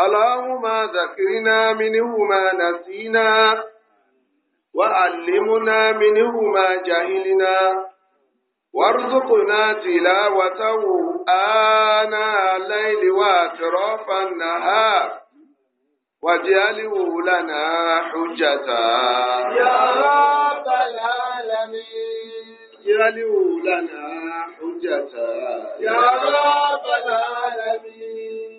اللهم ذكرنا منهما نسينا وعلمنا منهما جهلنا وارزقنا تلاوته آناء الليل وأطراف النهار واجعله لنا حجة يا رب العالمين اجعله لنا حجة يا رب العالمين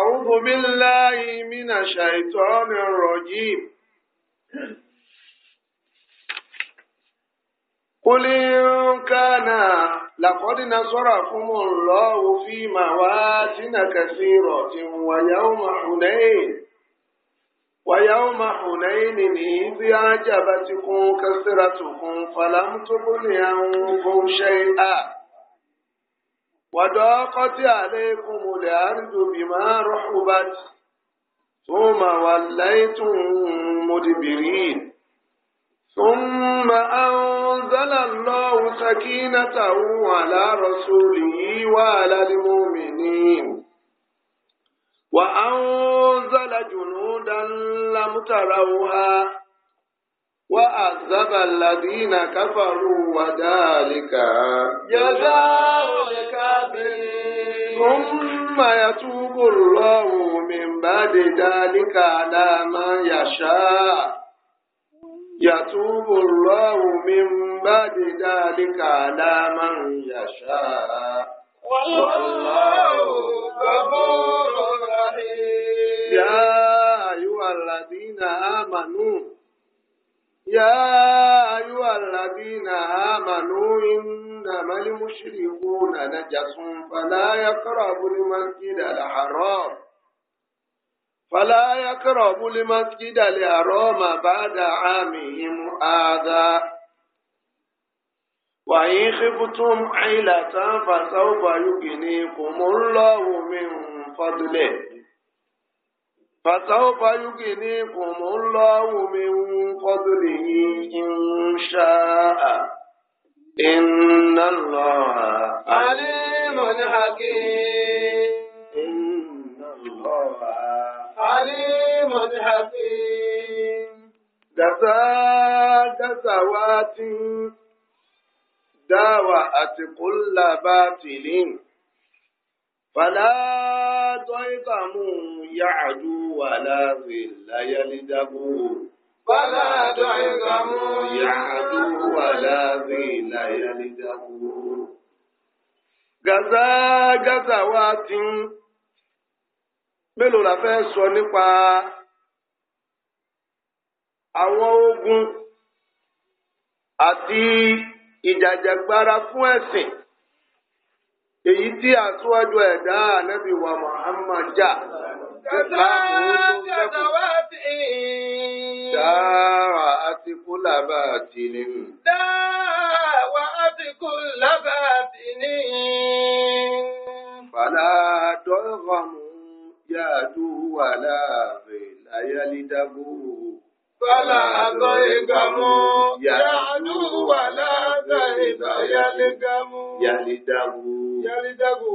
أعوذ بالله من الشيطان الرجيم قل إن كان لقد نصركم الله في مواتن كثيرة ويوم حنين ويوم حنين إذ أعجبتكم كثرتكم فلم تغن عنكم شيئا وضاقت عليكم الأرض بما رحبت ثم وليتم مدبرين ثم أنزل الله سكينته على رسوله وعلى المؤمنين وأنزل جنودا لم تروها وعذب الذين كفروا وذلك جزاء الكافرين ثم يتوب الله من بعد ذلك على من يشاء يتوب الله من بعد ذلك على من يشاء والله غفور رحيم يا أيها الذين آمنوا يا أيها الذين آمنوا إنما المشركون نجس فلا يقربوا المسجد الحرام فلا يقربوا المسجد الحرام بعد عامهم هذا وإن خفتم عيلة فسوف يغنيكم الله من فضله فسوف يغنيكم الله من فضله إن شاء إن الله عليم حكيم إن الله عليم حكيم جزاء جزوات داوأت كل باطل fàlà tọ́yìnkà mú yàdú wàlà rìlà yálídàgbò. fàlà tọ́yìnkà mú yàdú wàlà rìlà yálídàgbò. gàzá gàzá wa ti ń mélòó la fẹ́ sọ nípa àwọn ogun àti ìjàjàgbara fún ẹ̀sìn èyí tí aṣíwájú ẹ̀dá ànábì wa Muhammad jà dára àti kúlábà tì ní. dára àti kúlábà tì ní. fàlà dọ́gọ̀mù yàtú wàlà rè láyálídàgbò. fàlà dọ́gọ̀mù yàtú yàlídàgù. yàlídàgù.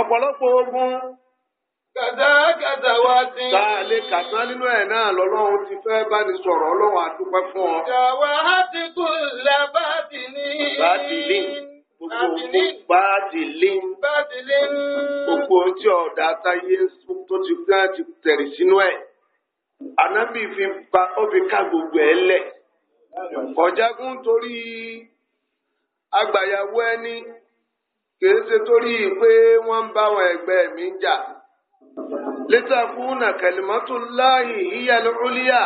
ọ̀pọ̀lọpọ̀ ogun. Kàdákàdá wa ti. Tá a lè kàtá nínú ẹ̀ náà lọ́lọ́run ti fẹ́ bá ní sọ̀rọ̀ ọlọ́run àdúpẹ́ fún ọ. Ìjàwá ti kú la bá ti ní. Bá ti lé. Gbogbo bá ti lé. Bá ti lé. Gbogbo tí ọ̀dà táyé tó ti gbá ti tẹ̀rì sínú ẹ̀. Ànábì fi ba ó fi ká gbogbo ẹ̀ lẹ̀. Ọ̀jágún torí. agbàyàwó ẹni kìí ṣe torí pé wọ́n ń bá àwọn ẹgbẹ́ mi jà litakuna kalimatullahi hiya al-ulya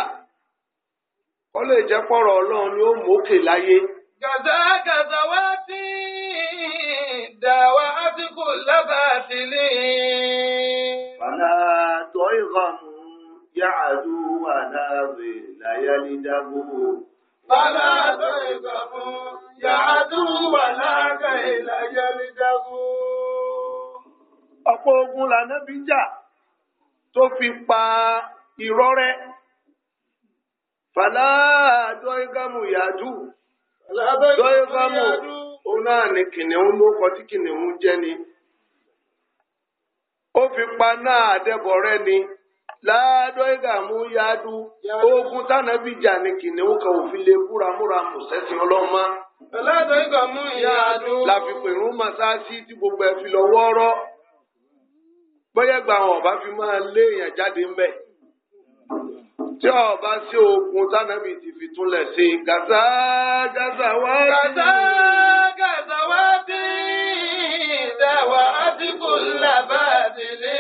ó lè jẹ́ pọ̀rọ̀ ọlọ́run ni ó mókè láyé. gàdá gàdá wá tí dàwa átíkù lábàtìlì. fàlà tó ìrọ̀mù yáàdú ya láàrin láyálí dágbò. fàlà tó ìrọ̀mù. Ọ̀pọ̀ ogun lànábì jà tó fi pa ìrọ́rẹ́. Fàlá dọ́ígámù yàdú. Dọ́ígámù òun náà ni kìnìún ló kọ tí kìnìún jẹ́ ni. Ó fi pa náà àdẹ́bọ̀rẹ́ ni. Láàdọ́ ìgàmú yáadú. Ogun tánàbí jà ni kìnìún kan òfin lè búramúra mùsẹ́sìn ọlọ́mọ ẹlẹ́dọ̀ ìgbà mú ìyá àdó. láfi pèrún màsáàsì tí gbogbo ẹ fi lọ wọ́ọ́rọ́ bóyá gba àwọn ọba fi máa lé èèyàn jáde ń bẹ̀. tí ọba sí ogun tánàbì ti fi túnlẹ̀ sí gàzá gàzá wá bí. gàzá gàzá wá bí ìdáwà àdìgún làbá àdìlé.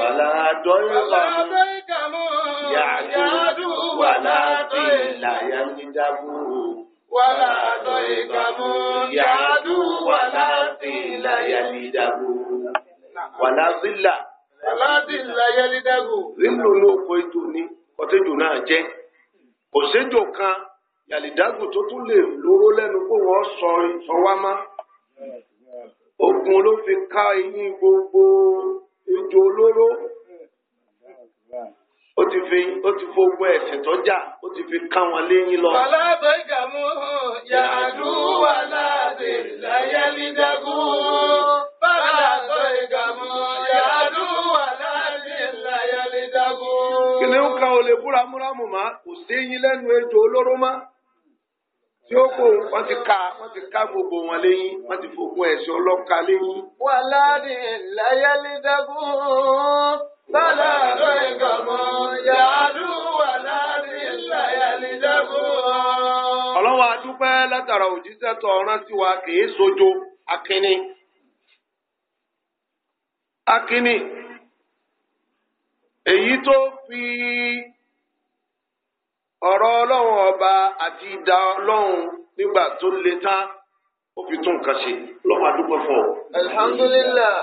bàlá àdọ́ ìgbà mú ìyá àdó wà láti ìlàyà ń jábọ̀ wàlá àtọ̀ ìkàmú yàdú wàlá sílà yẹlídàgò. Wàlá sílà. Wàlá sílà yẹlídàgò. Rímlò ló kọ ètò ní ọ̀tẹ́jù náà jẹ́. Kò séjò kan yàlídàgò tó tún lè lóró lẹ́nu kó wọ́n sọ ìsọwá má. Ogun ló fi ká eyín gbogbo ejò olóró ó ti fi ó ti fowó ẹ̀sìn tó jà ó ti fi ká wọn léyìn lọ. ọlọ́dọ̀ ìgàmú yàdú wà láti láyé nídàgún. ọlọ́dọ̀ ìgàmú yàdú wà láti láyé nídàgún. kìnìún kan ò lè búra múramù má kò sí yín lẹ́nu ejò olóró má tí ó kó wọn ti ka wọn ti ka gbogbo wọn lẹ́yìn wọn ti fowó ẹ̀sìn ọlọ́ka lẹ́yìn. wà láti láyé nídàgún. فلا غيظ يعد ولا ذل يلجأ. ọlọ́run a dúpẹ́ látara òjíṣẹ́ tó rán sí wa kì í sojo akínní. akínní èyí tó fi ọ̀rọ̀ ọlọ́run ọba àti ìdá ọlọ́run nígbà tó le tán ó fi tún nǹkan ṣe ọlọ́run a dúpẹ́ fún alhamdulillah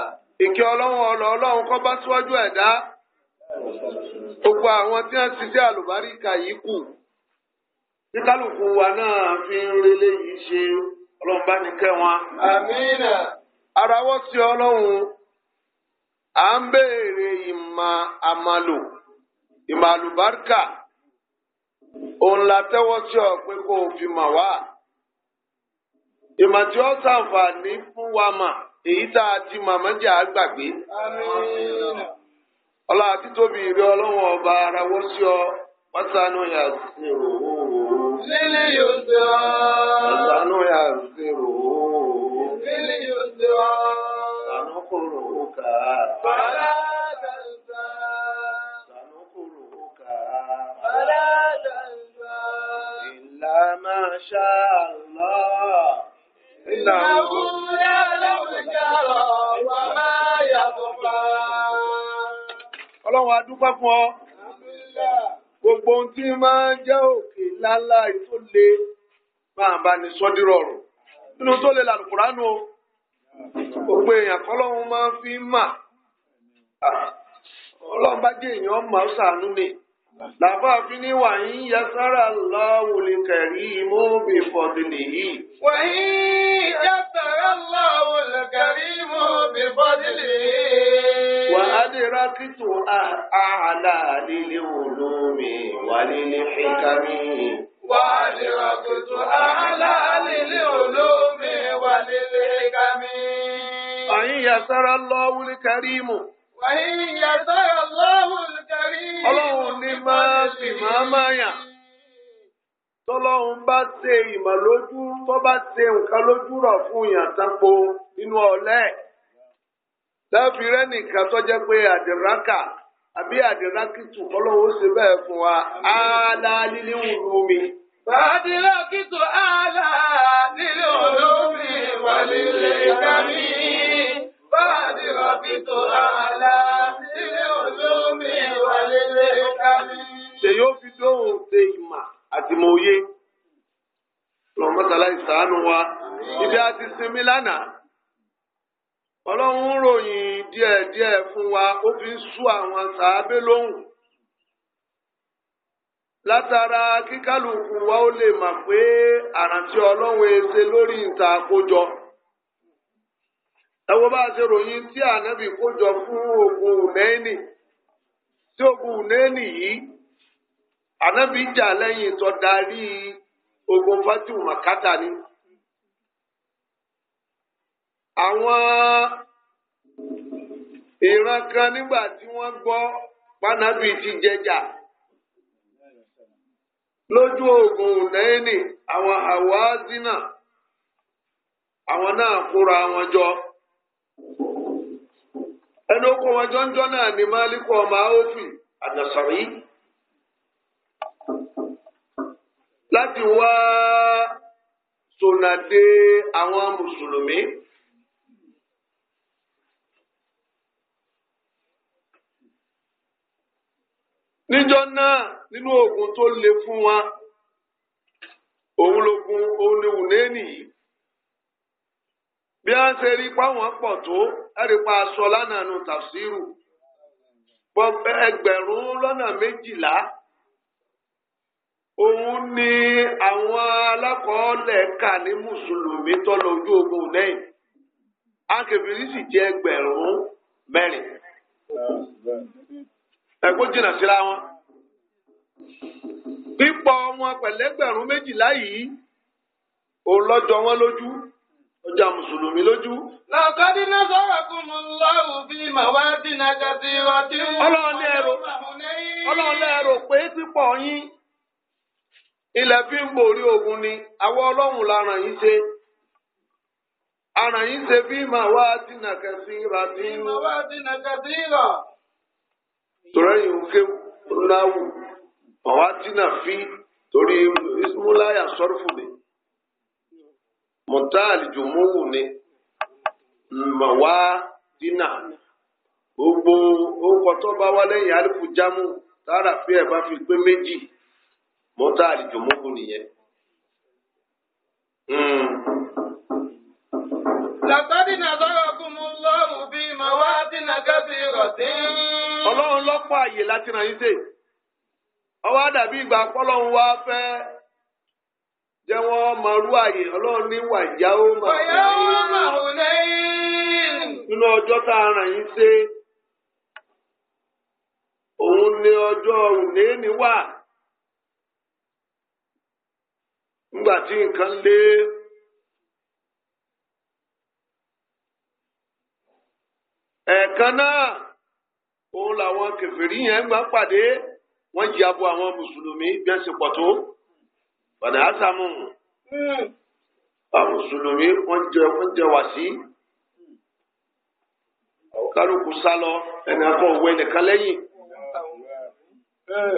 ìkẹ́ ọlọ́run ọlọ́ ọlọ́run kọ́ bá síwájú ẹ̀dá gbogbo àwọn tí wọ́n ti jẹ́ àlùbáríkà yìí kù tí kálukú wa náà fi ń relé yìí ṣe ọlọ́run bá ní kẹ́ wọn. àmínà. arawọ́ sí ọlọ́run à ń béèrè ìmọ̀ àmàlò ìmọ̀ àlùbáríkà òun la tẹ́wọ́ sí ọ pé kó fi mà wá ìmọ̀ tí ó ṣàǹfààní fún wa mà. èyí tá a ti màmá jẹ́ àgbàgbé. ọlá àti tóbi ìrẹ́ ọba ara wọ́n sí ọ yà sí o. lílì yóò sí ọlọ́run adúpẹ́ fún ọ. Gbogbo ohun tí máa ń jẹ́ òkè lálá tó le máa bá ní sọ́dírọ̀rùn. Nínú tó le làlùkùránù o, gbogbo èèyàn kọ́lọ́run máa ń fi mà. Ọlọ́run bá jẹ́ èèyàn mà ó sàánú mi. Làbá fi ní wàyí ya sára láwù lè kẹ̀rí mú bí fọ́dún nìyí. Wàyí ya sára láwù lè kẹ̀rí mú bí fọ́dún nìyí. وأدركت أعلى للعلوم وللحكم وأدركت أعلى للعلوم وللحكم وإن يسر الله الكريم وإن يسر الله الكريم ọlọ́run ní máa sì máa máa bá ṣe ìmọ̀ lójú tó bá ṣe nǹkan lójú rọ̀ fún yàn inú ẹ̀. láàfin rẹ nìkan tó jẹ́ pé àdìrákà àbí àdìrákìtù ọlọ́wọ́ ṣe bẹ́ẹ̀ fún wa áálá nílé wùlú mi. àdìrákìtù wùlú mi wà nílé kámi. àdìrákìtù áálá wùlú mi wà yóò fi dóhùn ṣe ìmà àti mòye. lọ́mọ́tàlá ìsàánú wa ibi a ti sinmi lánàá. ọlọ́run ń ròyìn díẹ̀díẹ̀ fún wa ó fi ń sú àwọn sàábé lóhùn látara kíkálukú wa ó lè mà pé àrántí ọlọ́run ẹsẹ e lórí ìta àkójọ ẹwọ bá a ṣe ròyìn tí ànábì kójọ fún ogun ùnẹ́ẹ̀nì tí ogun ùnẹ́ẹ̀nì yìí ànábì jà lẹ́yìn tó darí ogun fatiu ni. àwọn ìran kan nígbà tí wọ́n gbọ́ pánábì ti jẹjà lójú oògùn ònẹ́ẹ̀nì àwọn àwáàzínà àwọn náà kóra wọn jọ ẹni ó kó wọn jọ ń jọ náà ní málíkù ọmọ áófì àdàsọ̀rí láti wá sọ̀nàdé àwọn mùsùlùmí. níjọ́ náà nínú ogun tó le fún wa òun lógun òun ni wùnéènì yìí bí a ń ṣe rí páwọn pọ̀ tó ẹ̀rí pa aṣọ lánàá nu tafsiru ẹgbẹ̀rún lọ́nà méjìlá òun ni àwọn alákọ̀ọ́lẹ̀ kà ní mùsùlùmí tọ́lọ ojú ogun lẹ́yìn akẹ́bìrì sì jẹ́ ẹgbẹ̀rún mẹ́rin. ẹ̀kọ́ jìnnà síra wọn. pípọ̀ wọn pẹ̀lẹ́gbẹ̀rún méjìlá yìí òun lọ́jọ́ wọn lójú ọjà mùsùlùmí lójú. lọ́kọ́dí sọ̀rọ̀ kún mi lọ́rùn bí màwá dínà kàtí ọtí. ọlọ́run lẹ́rọ ọlọ́run lẹ́rọ pé pípọ̀ yín ilẹ̀ fi ń borí ogun ni àwọn ọlọ́run la yín ṣe ṣe bí dínà dínà torẹ́yìn òkè ńláwù ọ̀wá dínà fi torí ismúláyà sọ́rùfù ni mọ̀tá àlìjòmówù ni mọ̀wá dínà gbogbo orúkọ tó bá wá lẹ́yìn alifu jámù tára fi ẹ̀ bá fi pé méjì mọ́tà àlìjòmókù nìyẹn. làtàdínà sọ̀rọ̀ kùmù lọ́rùn bíi màwá dínà kábíyọ̀ dín. ọlọ́run lọ́pọ̀ àyè láti ràn yín dè ọwọ́ àdàbí ìgbà pọ́lọ́run wá fẹ́ jẹ́ wọ́n máa rú àyè ọlọ́run ní wàyá ó máa rú lẹ́yìn nínú ọjọ́ tá a ràn yín dé òun ni ọjọ́ òní wà nígbà tí nǹkan lé. ẹ̀ẹ̀kan náà. òun làwọn kèfèrí yẹn gbà pàdé wọ́n jí abo àwọn mùsùlùmí bí wọ́n ṣe pọ̀ tó bàdà ásámù hmm. àwọn mùsùlùmí wọ́n jẹ wọ́n jẹ wá sí kálukú sálọ ẹnì akọ òwe nìkan lẹ́yìn hmm.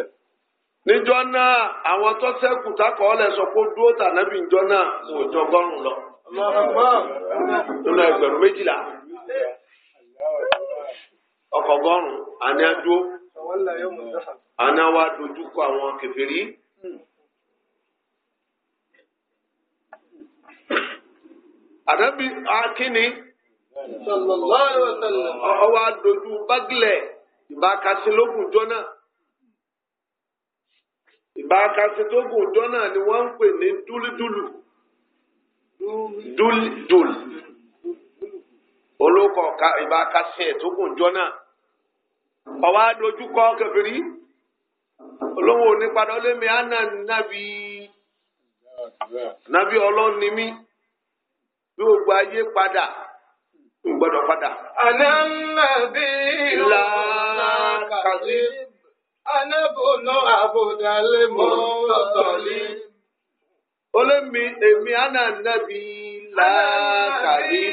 níjọ náà àwọn tó ṣẹ́kù takọ ọlẹ sọ pé dúró tànàbí níjọ náà kò jọ ọgọ́rùn lọ nínú ẹgbẹ̀rún méjìlá hmm. ọkọ ọgọ́rùn àná dúró àná wa dojú kọ àwọn kèfèrí. ànábì akínni sallallahu alaihi wasallam ọwọ́ adojú bágilẹ̀ ìbákasílógún jọ́nà ìbákasílógún jọ́nà ni wọ́n ń pè ní dúlídúlù dúlídúlù olókọ̀ ìbákasí ẹ̀ tó gùn ọwa dojukọ kebiri olowo nipadọ lemi ana nabi nabi ọlọnimi bi o gba ye pada o gbọdọ pada. anamnabi la kazi anabunu abudale mo lọtọli. olemi emi ana nabi la kazi.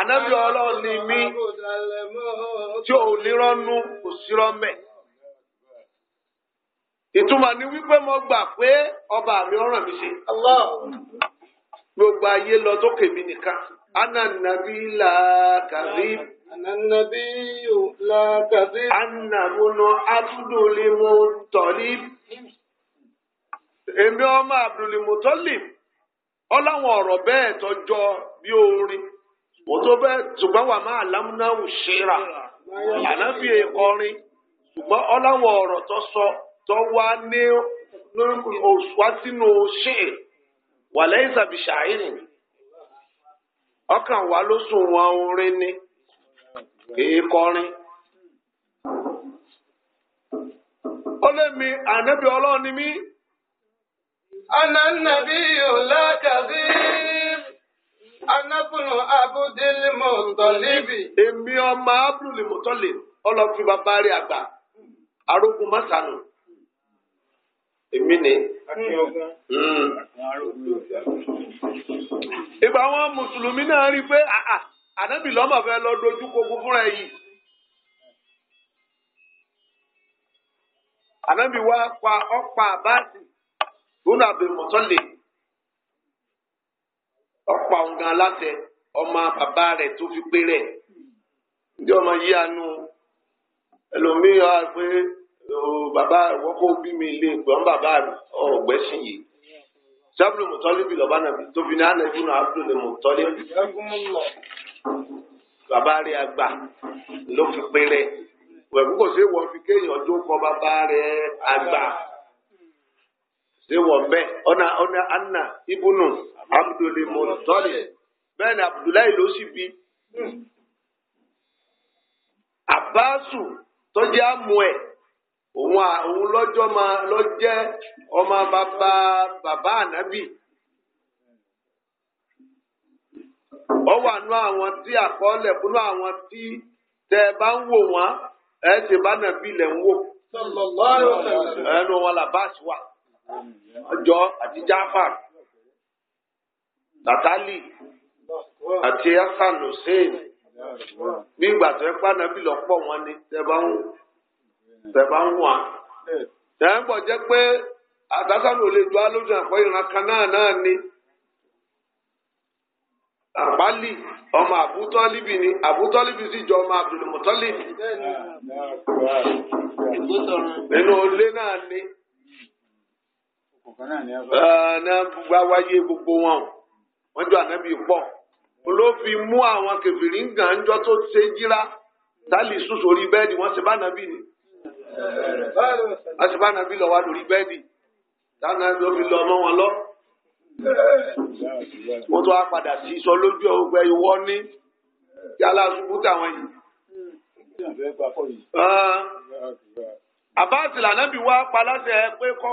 ànábì ọlọ́run ni mí tí ò nírọ́nú kò sírọ́ mẹ́. ìtumọ̀ ni wípé mo gbà pé ọba mi ọ̀ràn mi ṣe. gbogbo ayé lọ tó kèmí nìkan. ananabi la kàbí. ananabi la kàbí. anamunu abdulimotolim. èmi ọmọ abdulimotolim. ọláwọn ọ̀rọ̀ bẹ́ẹ̀ tọjọ bí orin mo tó bẹ́ẹ̀ ṣùgbọ́n wà máa lámúnáwù ṣera ànábì ọrin ṣùgbọ́n ọláwọn ọ̀rọ̀ tó sọ tó wá ní wá sínú ṣe wàlẹ́ ìsàbí ṣàìrì ọkàn wa ló wọn orin ni ó lé mi ànábì mi. أنا النبي لا كذب أنا ابن عبد المطلب èmi ọmọ Abdul Muttalib ọlọ́fi bàbá rẹ̀ àgbà arógun mọ́sánù èmi ni. Hmm. ìgbà àwọn mùsùlùmí náà rí i pé ànábì lọ́mọ̀ fẹ́ lọ dojú kogun fúnra ẹ̀ yìí. ànábì wa pa ọ̀pá àbáàsì gbóná abdulmọtọlẹ ọ̀pọ̀ àwọn gan aláṣẹ ọmọ bàbá rẹ̀ tó fi pé rẹ̀ ǹjẹ́ ọmọ yí àánú ẹlòmíràn á pé bàbá wọ́kọ́ bí mi lè gbọ́n bàbá ọ̀gbẹ́sìn yìí sábìlì mọ̀tọ́lì bí lọ́ba nàbí tóbi ní ànàbí náà ábìlì mọ̀tọ́lì bàbá rẹ̀ àgbà ló fi pé rẹ̀ wẹ̀kú kò sí wọ́n fi kéèyàn tó kọ́ bàbá rẹ̀ àgbà ṣé wọ̀ mbẹ́ ọ̀nà anna ibunu abdulmọ̀tọ́lẹ̀ bẹ́ẹ̀ ni abdullahi ló sì bí. àbáṣù tó jẹ́ àmú ẹ̀ òun òun lọ́jọ́ máa lọ́jẹ́ ọmọ bàbá bàbá ànábì. ọ wà nú àwọn tí àkọọ́lẹ̀ fúnú àwọn tí tẹ ẹ bá ń wò wọ́n ẹ ti bá nàbí ilẹ̀ ń wò. ẹnu wọn làbáṣù wà ọjọ́ àti Jafar Natali àti Hasan Hussein bí ìgbà tó ẹ pa nàbí lọ́pọ̀ wọn ni tẹ̀bá ń tẹ̀bá ń wà. tẹ̀ǹbọ̀ jẹ́ pé àtàkùn ò lè jọ alójú àpọ̀ ìran kan náà náà ni. àbálì ọmọ àbútọ́líbì ni àbútọ́líbì sì jọ ọmọ Abdul Muttalib. nínú ilé náà ni náà gbogbo awáyé gbogbo wọn wọn jọ ànábì pọ̀ ló fi mú àwọn kẹfìrí gànjọ tó ṣe jíra tálí sùsù orí bẹ́ẹ̀dì wọ́n ṣe bá nàbì ni wọ́n ṣe bá nàbì lọ wá lórí bẹ́ẹ̀dì dáná ló fi lọ ọmọ wọn lọ wọ́n tún wá padà sí sọ lójú ọgbẹ ìwọ ní yálà ṣubú táwọn yìí. àbá àtìlànà bí wàá pa láṣẹ pé kọ́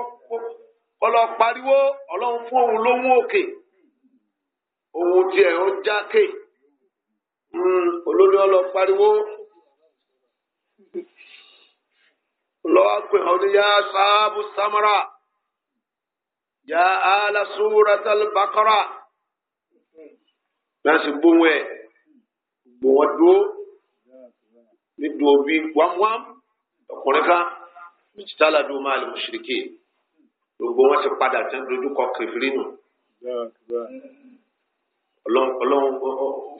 ọlọ́ pariwo ọlọ́run fún òun lówó òkè òun tiẹ̀ ó jákè hmm, olórí ọlọ́ pariwo lọ́wọ́ pé ọ̀nà yá sáábù samara yá àlà súratal baqara náà sì gbóhùn ẹ̀ gbóhùn dúró ní dùn òbí wámúwám ọkùnrin kan mìtítàlá dùn máa lè mú ṣìríkì gbogbo wọn ti padà tí wọn dojú kọ kẹfìrí nù ọlọ́run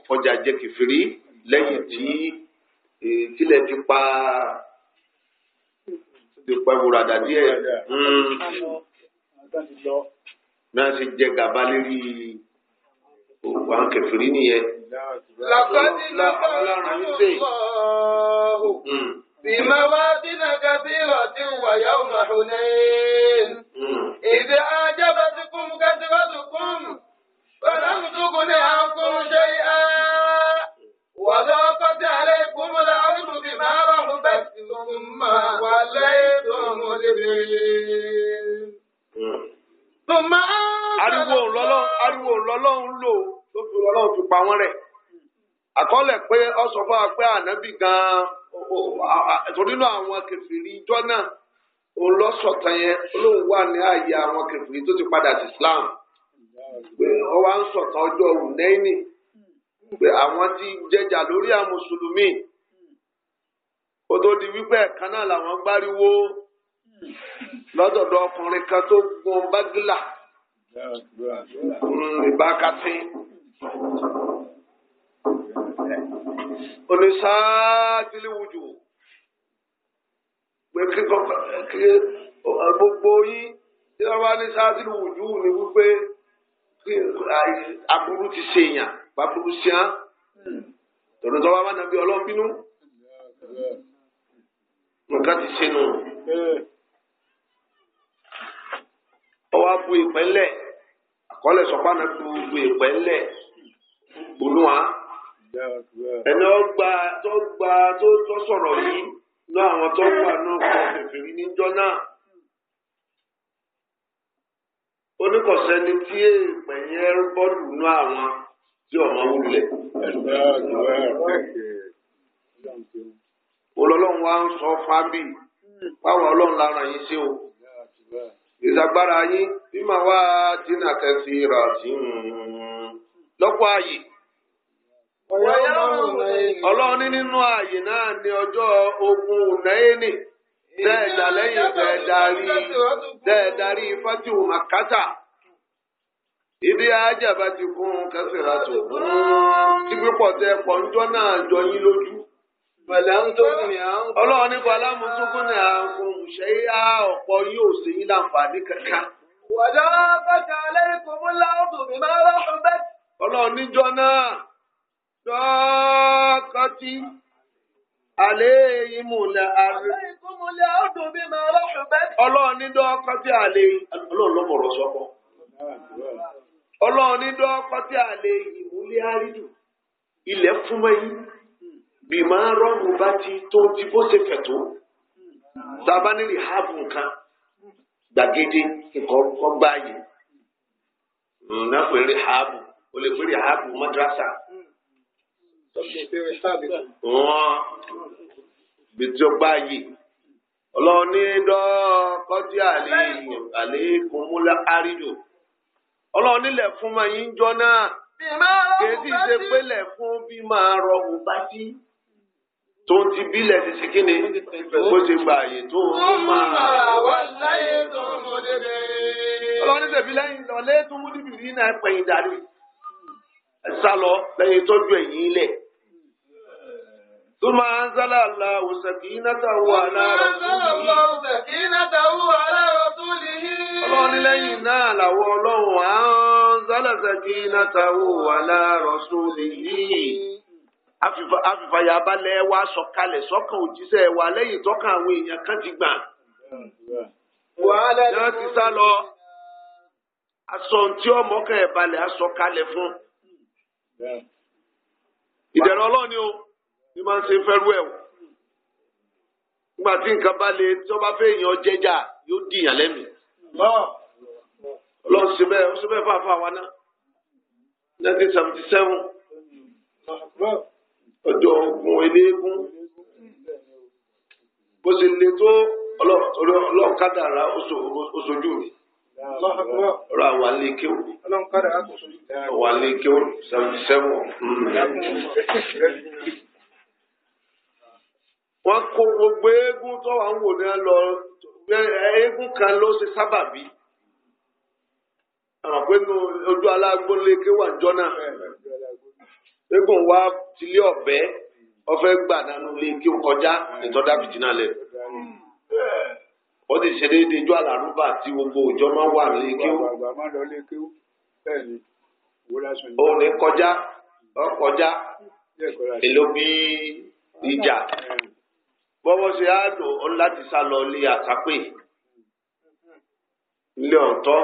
fọjá jẹ kẹfìrí lẹ́yìn tí e, tílẹ̀ ti pa ti pa ìwòràdà díẹ̀ hmm. náà ti jẹ gàba lérí òkú àwọn kẹfìrí nìyẹn. làkọ́ni lọ́kọ́ ọlọ́run ṣe. بموادن كثيرة ويوم حنين إذا أعجبتكم كثرتكم فلم تغن عنكم شيئا وضاقت عليكم الأرض بما رحبت ثم وليتم مدبرين ثم ariwo tó fi ọlọrun fi pa wọn rẹ fún wa pé ànábì gan torí náà àwọn olọ́sọ̀tàn yẹn olóhùn wà ní ààyè àwọn kẹfìrí tó ti padà sí Islam pé ọwọ́ ń sọ̀tàn ọjọ́ hùnẹ́ẹ̀nì pé àwọn ti jẹjà lórí àwọn mùsùlùmí kó tó di wípé ẹ̀kan náà làwọn gbáriwo lọ́dọ̀dọ̀ ọkùnrin kan tó gun bágílà hmm, ìbákatín oníṣáájú léwu jù pé gbogbo yín tí wọ́n bá ní sáàtì wùjú ni wípé aburú ti ṣe èèyàn bàbúrú ṣe án tòun tó bá bá nàbí ọlọ́run bínú nǹkan ti ṣe nù. ọwọ́ abu ìpẹ́lẹ̀ àkọọ́lẹ̀ sọ́pá náà bu bu ìpẹ́lẹ̀ gbólúwa ẹni ọgbà tó gbà tó sọ̀rọ̀ yìí ṣùgbọ́n àwọn tó ń gbà náà kọ fèfèrí níjọ́ náà. oníkọ̀sẹ́ni tí èèpẹ̀ yẹn bọ́ọ̀lù nú àwọn tí ọ̀mọ́ wulẹ̀. olọ́lọ́run wa ń sọ fábì báwọn ọlọ́run lára yín ṣe o. ìsagbára yín bí màá wá dínà kẹsì rà sí lọ́pọ̀ àyè. ọlọ́ọ̀ni nínú ààyè náà ní ọjọ́ ogun nẹ́ẹ̀nì dẹ́ẹ̀dà lẹ́yìn dẹ́ẹ̀darí Fatima Kata. makata ibi ajaba ti kún kásìrà tó tí pípọ̀ tẹ pọ̀ ńjọ́ náà jọ yín lójú. ọlọ́run ní bọ́lá ni yóò láǹfààní kankan. wàjọ́ náà. ضاقت عليهم الأرض بما رحبت ọlọ́run ní ضاقت عليهم ọlọ́run ló mọ̀rọ̀ sọ́kọ́ ọlọ́run ní ilẹ̀ fún mẹ́yìn bìmọ̀ rọ́ọ̀mù bá ti tó ti bó ṣe fẹ̀ tó sabaniri haafu nǹkan gbàgede nǹkan yìí olè pèrè Wọ́n gbẹ̀jọba yìí. Ọlọ́run ní dọ́ kọ́jú àlékúnmúlá àríjò. Ọlọ́run nílẹ̀ fún ma yín jọ náà. Kèéjì ṣe pélẹ̀ fún bí máa rọ òbá sí. Tó ń ti bílẹ̀ ti ṣe kíni? Bó ṣe gbà àyè tó ń máa. Ọlọ́run ní tẹ̀bí lẹ́yìn lọ lé tó mú níbi rí náà pẹ̀yìn dàrí. Ẹ sá lọ lẹ́yìn tọ́jú ẹ̀yìn ilẹ̀. ثم أنزل الله سكينته على رسوله ọlọ́run lẹ́yìn náà làwọn ọlọ́run á ń zálà ala wa sọ̀kalẹ̀ sọ́kàn ojise wa lẹ́yìn tọ́kàn àwọn èèyàn kan ti gbà. wàhálà ti sá lọ aṣọ ọmọkàn balẹ̀ aṣọ kalẹ̀ fún. ìdẹ̀rọ̀ o. ní máa ń ṣe fẹ́rú ẹ̀ wò nígbà tí nǹkan bá le tí wọ́n bá fẹ́ èèyàn jẹ́jà yóò dìyàn lẹ́mìí. ọlọ́run sì bẹ́ẹ̀ ó sì bẹ́ẹ̀ fàáfàá wa ná nineteen seventy seven ọjọ́ ogun eléégún bó ṣe le tó ọlọ́run kádàrá oṣoojú mi ọ̀rọ̀ àwọn àlékè ò ọ̀wà àlékè ò seventy seven wọ́n kó gbogbo eégún tó wà ń wò ní lọ eégún kan ló ṣe sábàbí àwọn pé nu ojú alágbó léke wà jọ náà eégún wa tilé ọ̀bẹ ọfẹ gbà dànù léke kọjá ìtọ́jà fìdínà lẹ ó ti ṣe déédéé ijó àlàrúbà tí gbogbo òjò máa wà léke ó ò ní kọjá ọ èlò bíi ìjà bọ́wọ́ ṣe á lò ó láti sá lọ ilé àtàpè ilé ọ̀tọ́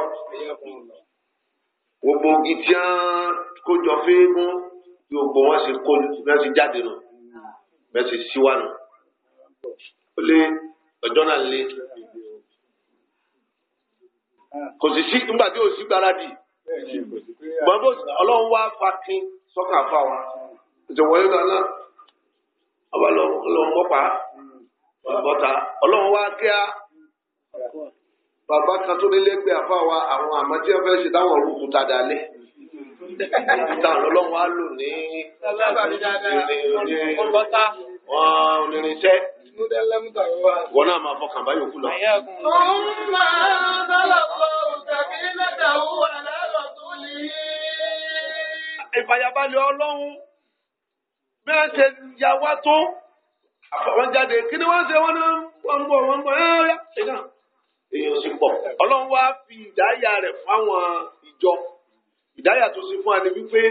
gbogbo ogi tí wọ́n kójọ fẹ́ẹ́gún yóò gbọ́ wọ́n ṣe kó wọ́n ṣe jáde nù wọ́n ṣe síwá nù ó lé ọjọ́ náà lé kò sì sí nígbà tí o sì gbáradì gbọ́dọ̀ ọlọ́run wá fakin sọ́kà fáwọn ìjọba yóò dáná ọba lọ mọ́pa bọ́ta ọlọ́run wá kíá bàbá kan tó nílé gbé àfa wa àwọn àmọ́tí ọ̀fẹ́ ṣe táwọn orúkú ta dalẹ̀ táwọn ọlọ́run wá lò ní onírinṣẹ́ wọn náà máa fọkàn báyìí òkú lọ. òun máa dálà sọ òtàkì lẹ́dàá wà lálọ́ tó lè. ìfàyàbalẹ̀ ọlọ́run bí wọ́n ṣe ya wá tó àfọwọ́n jáde kí ni wọ́n ṣe wọ́n náà wọ́n ń bọ̀ wọ́n ń bọ̀ ẹ́ẹ́ ṣe náà èèyàn sì pọ̀ ọlọ́run wá fi ìdáyà rẹ̀ fún àwọn ìjọ ìdáyà tó sì fún wa ni wípé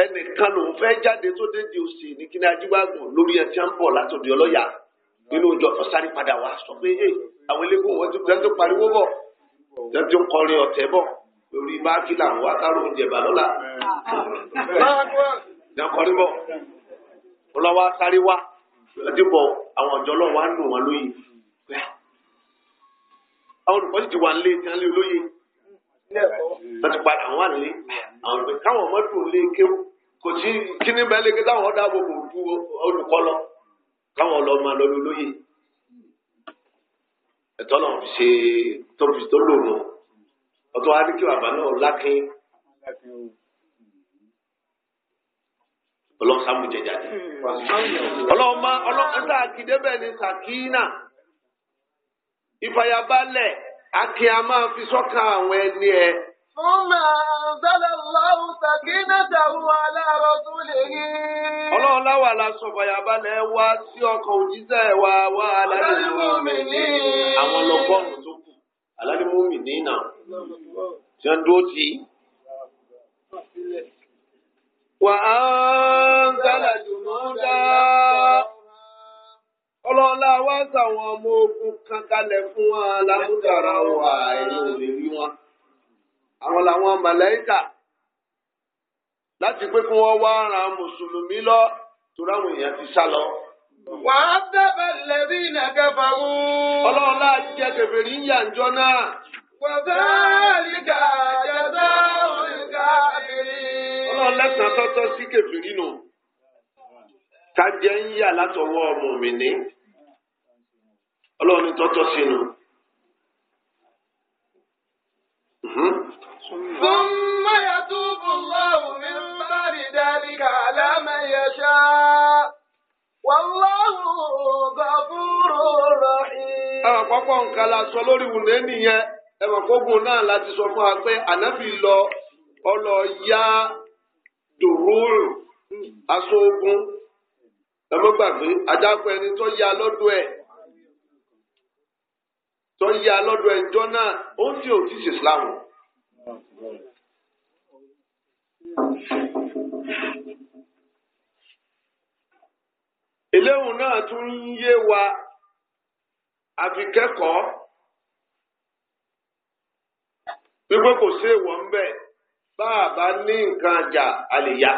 ẹnìkan lòun fẹ́ jáde tó dédé òsì ní kíní ajíbágùn lórí ẹtí à ń bọ̀ látòdì ọlọ́yà nínú ìjọ tó sáré padà wá sọ pé ẹ àwọn eléégún wọn ti tẹ́ pariwo bọ̀ tẹ́ kọrin ọ̀tẹ̀ bọ̀ lórí báàkì làwọn kárò oúnjẹ bà ọlọ́wà sáré wá dípò àwọn ọ̀jọ́ lọ́wọ́ á lò wọ́n lóye àwọn olùkọ́ sì ti wà nílé tí wọ́n lé olóye wọ́n ti padà wà nílé àwọn olùkọ́ káwọn ọmọ dùn lé kéwù kò sí kíní bẹ́ẹ̀ lé kí táwọn ọ̀dà àbòbò du olùkọ́ lọ káwọn ọlọ́ máa lọ lóye ẹ̀tọ́ náà ṣe tó lò nù ọ̀tọ̀ adékèwà bá náà lákín. ọlọ́run mú jẹ jáde. ọlọ́run máa ọlọ́run tá a kì í débẹ̀ sàkínà ìfàyàbalẹ̀ akin a fi sọ́kàn àwọn ẹni ẹ. Fúnmà Zálẹ̀ Láwù Sàkínà Dàrú Aláàrọ̀ tún lè rí. Ọlọ́run láwà wá sí Àwọn ún tó kù, mi ní náà. Ṣé وأنزل جنودا Ọlọ́run la wá sàwọn ọmọ ogun kan fún wa wa ẹ̀yìn wọn. Àwọn làwọn màláíkà láti pé kí wọ́n wá ran mùsùlùmí lọ torí àwọn èèyàn ti sá lọ. Wà á dábàá lẹ́bí Ọlọ́run jẹ́ kẹfẹ́rí ń yànjọ́ náà. Wà lẹ́sàn tọ́tọ́ sí kẹfìrí nù kájẹ́ ń yà látọwọ́ ọmọ mi ní ọlọ́run tọ́tọ́ sínú. ثم يتوب الله من بعد ذلك على من يشاء والله غفور رحيم. àkọ́kọ́ nǹkan la sọ lórí wùdé nìyẹn ẹ̀wọ̀n kógun náà láti sọ fún wa pé ànábì lọ ọlọ́ọ̀yá. dùrúùrù aṣọ ogun ẹ mọ́ gbàgbé adáko ẹni tó yá lọ́dọ̀ ẹ̀ tó yá lọ́dọ̀ ẹ̀ jọ náà ó sì ò ti ṣe Islam. eléhùn náà tún ń yé wa àfikẹ́kọ̀ọ́ wípé kò sí èèwọ̀ ń bẹ́ẹ̀. bá a bá ní nǹkan àjà a lè yá.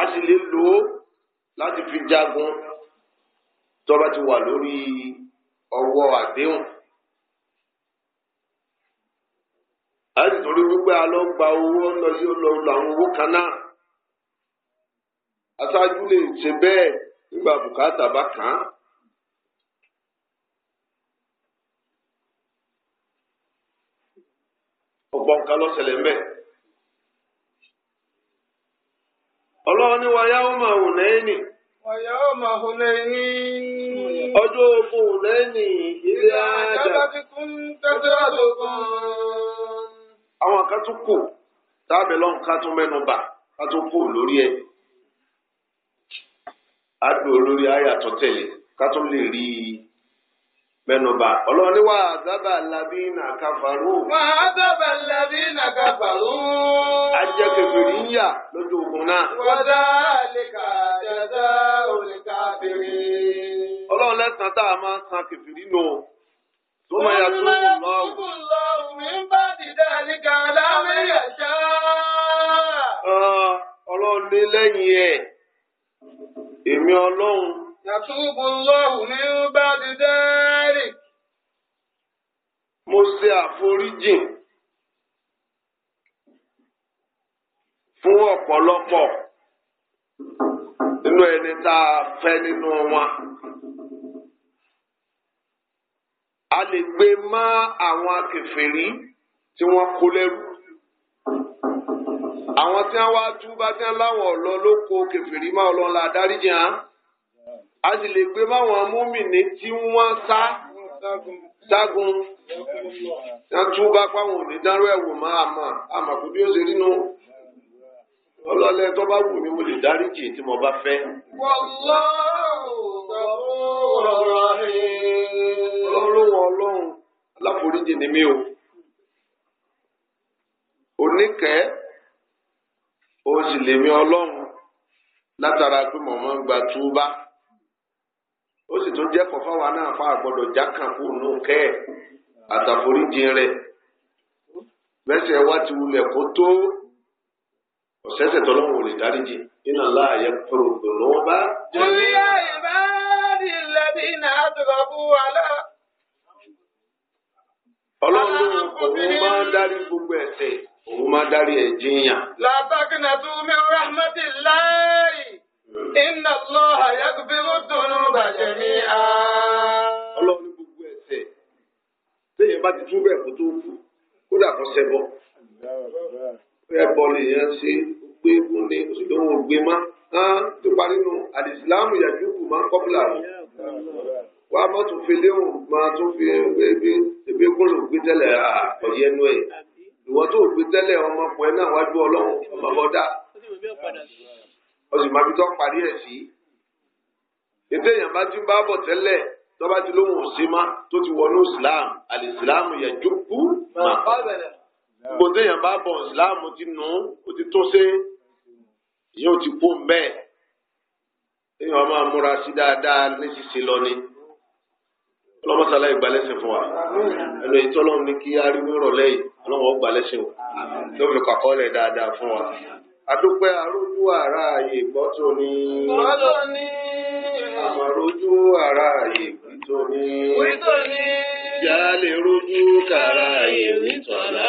a sì lè lò ó láti fi jagun tó bá ti wà lórí ọwọ́ àdéhùn. a sì torí wípé a lọ gba owó lọ sí lọ lọ àwọn owó kan náà. aṣáájú lè ṣe bẹ́ẹ̀ nígbà bùkátà bá kàn án. ọ̀pọ̀ nǹkan ló ṣẹlẹ̀ mẹ́. ọlọ́run ní wàyá máa hùn lẹ́yìn. wàyá ó máa hùn ọjọ́ ogun hùn lẹ́yìn ilé ajá. àwọn kan tún kù tábìlì mẹ́nu bà ká ẹ̀. olórí lè rí mẹ́nubà ọlọ́run ní wà labi na wà ádábà làbí nà káfàrú. ń yà lójú ogun náà. wọ́dà àlèkà jẹ́sẹ́ òlèkà bèrè. ọlọ́run lẹ́sàn-án tá a máa ń san kẹfìrí nù. tó máa yà tó kù lọ. mi ń bá ọlọ́run lé lẹ́yìn ẹ̀ èmi ọlọ́run. yàtúbù Allahu min ba'di dalik. mo ṣe àforíjìn fún ọ̀pọ̀lọpọ̀ nínú ẹni tá a fẹ́ nínú wọn. a lè gbé mọ́ àwọn kèfèrí tí wọ́n kó lẹ́rú. àwọn tí wọ́n wá túbá tí wọ́n láwọn ọ̀lọ́ ló kó kèfèrí máa lọ́la dáríjì hàn a sì lè gbé báwọn múmìnì tí wọ́n sá ságun yàtúbà páwọn òní dáró ẹ̀wò máa àmà àmàkù bí ó ṣe rí nù ọlọ́lẹ̀ tó bá wù mí mo lè dáríjì tí mo bá fẹ́. ọlọ́run ọlọ́run aláforíjì ni mí o oníkẹ́ o sì lè mi ọlọ́run látara pé mọ̀mọ́ ń gba túbá ó sì tún jẹ́kọ̀ọ́ fáwa náà fa àgbọ̀dọ̀ jákàkú nù kẹ́ ẹ̀ àtàforíjì rẹ̀ mẹ́sẹ̀ wá ti wulẹ̀ kó tó ọ̀sẹ̀sẹ̀ tọ́lọ́wọ́ lè dáríjì nínú aláàyẹ kúrò lọ́wọ́ bá. Júlí àìbáàdì lẹ́bí náà àtúbà bú wa lọ. Ọlọ́run òun máa ń dárí gbogbo ẹ̀ṣẹ̀, òun máa ń dárí ẹ̀jìyàn. Làbákínà tó mi rahmatillahi. Inna Allaha yaghfiru dhunuba jami'a. Ọlọ́run ní gbogbo ẹ̀ṣẹ̀ téèyàn bá ti tún bẹ́ẹ̀ kó tó kú kó dà kó ṣẹbọ. Ẹbọ nìyẹn ṣe gbé kú ní oṣù tó ń gbé má. Tó parí nu àdìsílámù yàjú kù máa ń kọ́bùlà rẹ̀. Wà á má tún fi léhùn máa tún fi ebi ebi kúrò gbé tẹ́lẹ̀ àkọ́yẹ́nu ẹ̀. Ìwọ́n tó gbé tẹ́lẹ̀ ọmọkùnrin náà wájú ọlọ́run ọmọ ọsùn máa fi tọ́ parí ẹ̀ sí. ètò èèyàn bá ti ń bá bọ̀ tẹ́lẹ̀ tó bá ti lóhùn òsè má tó ti wọnú islam àlè islam yẹn jókòó máa bá bẹ̀rẹ̀. gbogbo téèyàn bá bọ̀ islam ti nù ó ti tó sé ìyẹn ò ti kó mbẹ́ èèyàn máa múra sí dáadáa ní lọ ni ọlọ́mọ́sálá ìgbàlẹ́sìn fún wa ẹnu ìtọ́lọ́run ní kí ariwo rọ̀lẹ́yìn ọlọ́wọ́ gbàlẹ́sìn wa ló fi kọ́ dáadáa fún wa adúpẹ́ arójú ara ààyè gbọ́tò ni. gbọ́tò ni. àmọ̀rójú ara ààyè gbìtò ni. gbìtò ni. ìyá lè rójú kàrà ààyè wítọ̀lá.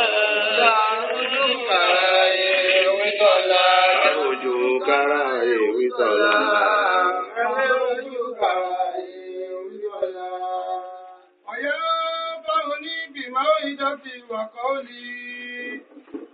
àròjú kàrà ààyè wítọ̀lá. àròjú kàrà ààyè wítọ̀lá. àròjú kàrà ààyè wítọ̀lá. ọ̀yọ́ báwo ni bímọ ìjọ ti wà kọ́ ni.